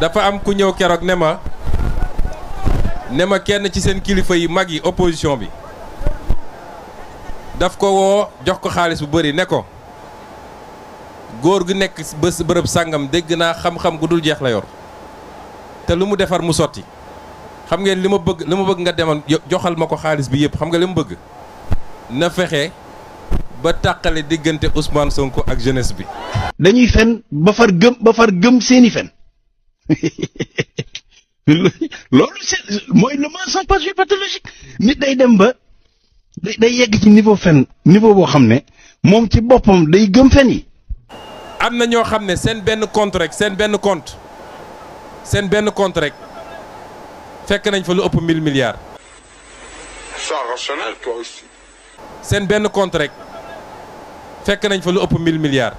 dafa am ku ñëw keroog ne ma ne ma kenn ci seen kilifa yi mag yi opposition bi daf ko woo jox ko xaalis bu bëri ne ko góor gu nekk bés bërëb sàngam dégg naa xam-xam gu dul jeex la yor te lu mu defar mu sotti xam ngeen li bëgg bëgg nga demal joxal ko bi yëpp xam nga bëgg na ba Ousmane Sonko ak jeunesse bi. dañuy fen ba far gëm ba far gëm seeni fen. loolu c'est mooy le mensonge par pathologique nit day dem ba day day yegg ci niveau fen niveau boo xam ne moom ci boppam day gëm fen yi. am na ñoo xam ne seen benn compte rek seen benn compte seen benn compte rek fekk nañ fa lu ëpp 1000 benn compte rek nañ fa ëpp 1000 milliards.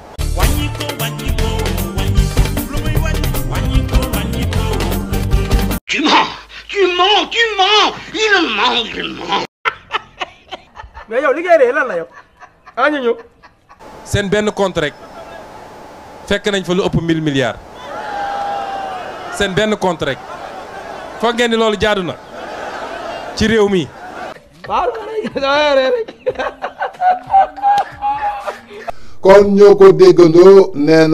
maa gën moom. mais liggéey ree lan la yow ah ñu ñëw. seen benn compte rek fekk nañ fa lu ëpp 1000 milliards seen benn compte rek foog ngeen ni loolu jaadu na ci réew mi. waaw kon ñoo ko déggandoo nee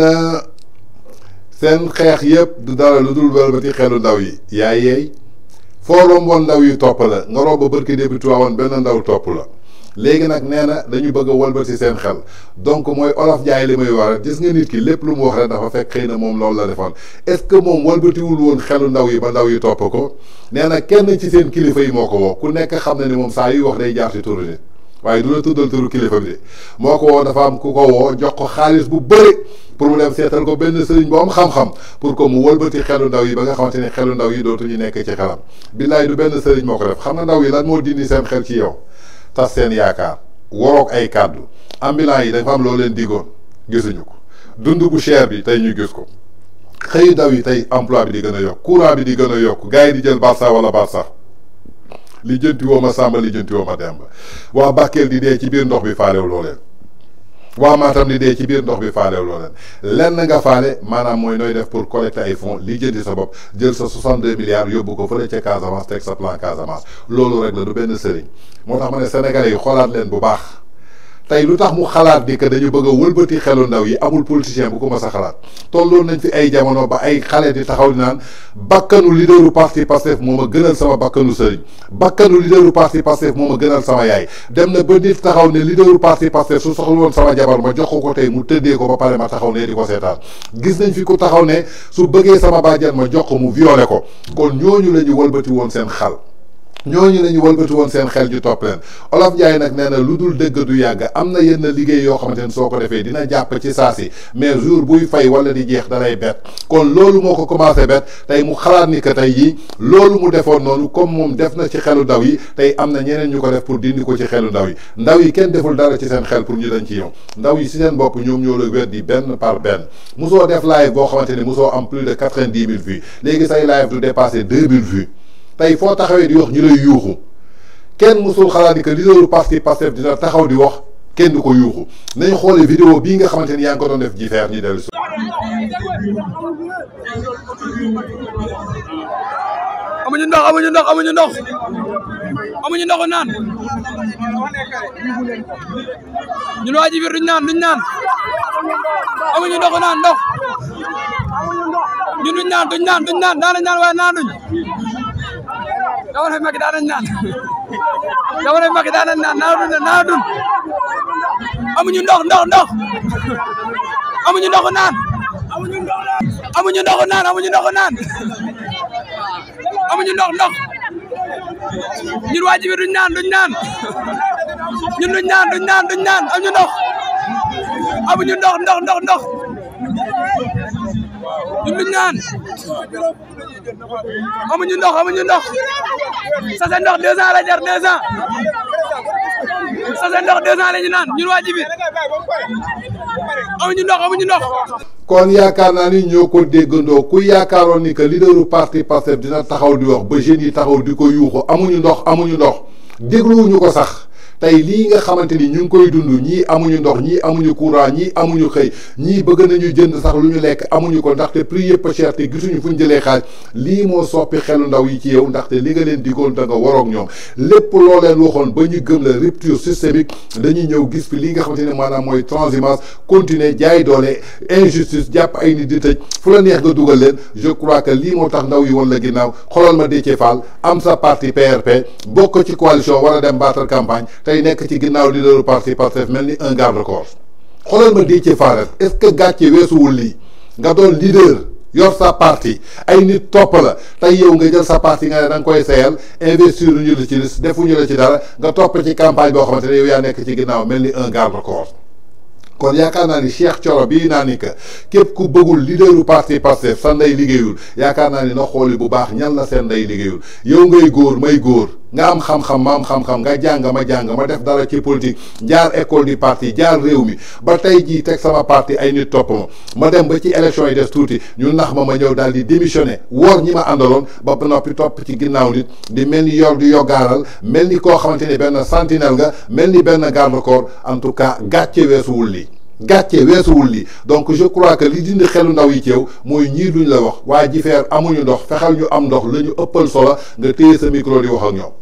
seen xeex yëpp du dara lu dul wëlbati xelu ndaw yi yaay yeey. foo romboon ndaw yi topp la nga romb barki début tuwaawoon benn ndaw topp la léegi nag nee na dañu bëgg a walbati seen xel donc mooy olof jaay li muy waral gis nga nit ki lépp lu mu wax rek dafa fekk xëy na moom loolu la defoon est ce que moom walbatiwul woon xelu ndaw yi ba ndaw yi topp ko nee na kenn ci seen kilifa yi moo ko woo ku nekk xam na ni moom saa yuy wax day jaar ci turu waaye du la tuddal turu kilifa bi de moo ko woo dafa am ku ko woo jox ko xaalis bu bëri pour mu dem seetal ko benn sëriñ bu am xam-xam pour que mu wëlbati xelu ndaw yi ba nga xamante ne xelu ndaw yi dootu dootuñu nekk ci xelam billaay du benn sëriñ moo ko def xam nga ndaw yi lan moo dindi seen xel ci yow yaakaar waroog ay kàddu ambulants yi dafa am loo leen digoon gisuñu ko dund bu cher bi tey ñu gis ko xëy ndaw yi tey emploi bi di gën a yokk courant bi di gën a yokk gars yi di jël Barça wala Barça li jënti woo ma Samba li jënti woo ma Demba waa Bakel di dee ci biir ndox bi faalewuloo leen waa Matam di dee ci biir ndox bi faalewuloo leen lenn nga faale maanaam mooy nooy def pour collecter ay fonds sa bopp jël sa 62 milliards yóbbu ko fële ca Casamance teg sa plan Casamance loolu rek la du benn sëriñ moo tax ma ne sénégalais yi xoolaat leen bu baax. tey lu tax mu xalaat ni ka dañu bëgg a wëlbati xelu ndaw yi amul politicien bu ko mas a xalaat tolloon nañ fi ay jamono ba ay xale di taxaw di naan bakkanu leaderu parti Pastef moo ma gënal sama bakkanu sëriñ bakkanu leaderu parti Pastef moo ma gënal sama yaay dem na ba nit taxaw ne leaderu parti Pastef su soxla woon sama jabar ma jox ko ko tey mu tëddee ko ba pare ma taxaw ne di ko seetaan gis nañ fi ku taxaw ne su bëggee sama bàjjan ma jox ko mu violé ko kon ñooñu la ñu wëlbati woon seen xal Nous sommes une walbati woon seen xel ju topp de Olof Njaay nag nee na lu du yàgg am na yenn liggéey yoo xamante ne soo dina jàpp ci de mais jour buy fay wala di jeex dalay bet kon loolu moo ko commencé bett tey mu xalaat ni que tey yii loolu mu defoon noonu comme moom def na ci xelu ndaw yi tey pour dindi ko ci xelu ndaw yi ndaw yi kenn deful dara ci seen xel pour ñu dañ ci yow ndaw yi seen ñoo la benn par benn musoo def live boo xamante ni plus de 90 mille vues say live du deux vues tey foo taxawee di wax ñu lay yuuxu kenn musul xalaat ni que leaderu parti Pastef dina taxaw di wax kenn du ko yuuxu nañu xoolee vidéo bii nga xamante ni yaa ngi ko doon def ji feer ñu dellu si. amuñu ndox amuñu ndox amuñu ndox amuñu ndox naan ñun waa ji biir duñ naan duñ naan amuñu ndox naan ndox ñun duñ naan duñ naan duñ naan daan nañ naan waaye naan duñ. jamonoy Macky daan nañu naan jamonoy Macky daan nañu naan naa dund naa dund amuñu ndox ndox ndox amuñu ndoxu naan amuñu ndox amuñu ndoxu naan amuñu ndoxu naan amuñu ndox ndox ñun waa ji bi duñ naan duñ naan ñun duñ naan duñ naan duñ naan amuñu ndox amuñu ndox ndox ndox ndox naan amuñu ndox amuñu ndox sase ndox deux ans la jar deux ans sase ndox deux ans ñu naan ñun waa Djibir amuñu ndox amuñu ndox. kon yaakaar naa ni ñoo ko déggandoo ku yaakaaroon ni que leaderu parti Pastef dina taxaw di wax ba jeunes yi taxaw di ko yuuxu amuñu ndox amuñu ndox dégluwuñu ko sax. tay li nga xamanteni ñu ngi koy dund ñi amuñu ndox ñi amuñu courant ñi amuñu xey ñi bëgg nañu jënd sax lu ñu lekk amuñu ko ndaxte prix yëpp cher te gisuñu fu ñu jëlee xaaj lii moo soppi xelu ndaw yi ci yow ndaxte li nga leen digoon da nga waroog ñoom lépp loo leen waxoon ba ñu gëm la rupture systémique dañuy ñëw gis fi li nga xamante ne maanaam mooy transhumance continuer jaay doole injustice jàpp ay nit di tëj fu la neex nga dugal leen je crois que lii moo tax ndaw yi woon la ginnaaw xoolal ma Déthié Fall am sa parti PRP bokk ci coalition wala dem battre campagne tey nekk ci ginnaaw leaderu parti Pastef mel ni un garde corps xoolal ma Déthié Fall est-ce que gàcce weesuwul lii nga doon leader yor sa parti ay nit topp la tey yow nga jël sa parti nga ne da nga koy seeyal investir ñu la ci liste defuñu la ci dara nga topp ci campagne boo xamante ne yow yaa nekk ci ginnaaw mel ni un garde corps kon yaakaar naa ni Cheikh Thioro bii naa ni que képp ku bëggul leaderu parti Pastef sa ndey liggéeyul yaakaar naa ni na xooli bu baax ñan la seen ndey liggéeyul yow ngay góor may góor. nga am xam-xam ma am xam-xam nga jàng ma jàng ma def dara ci politique jaar école du parti jaar réew mi ba tey jii teg sama parti ay nit topp ma ma dem ba ci élection yi des tuuti ñu nax ma ma ñëw daal di démissionné woor ñi ma àndaloon ba noppi topp ci ginnaaw nit di mel ni yor di yoggaaral mel ni koo xamante ni benn sentinelle nga mel ni benn garde corps en tout cas gàcce weesuwul lii gàccee weesuwul li donc je crois que li dindi xelu ndaw yi ceew mooy ñii duñ la wax waa Jifeer amuñu ndox fexeel ñu am ndox lañu ëppal solo nga téye sa micro di wax ak ñoom.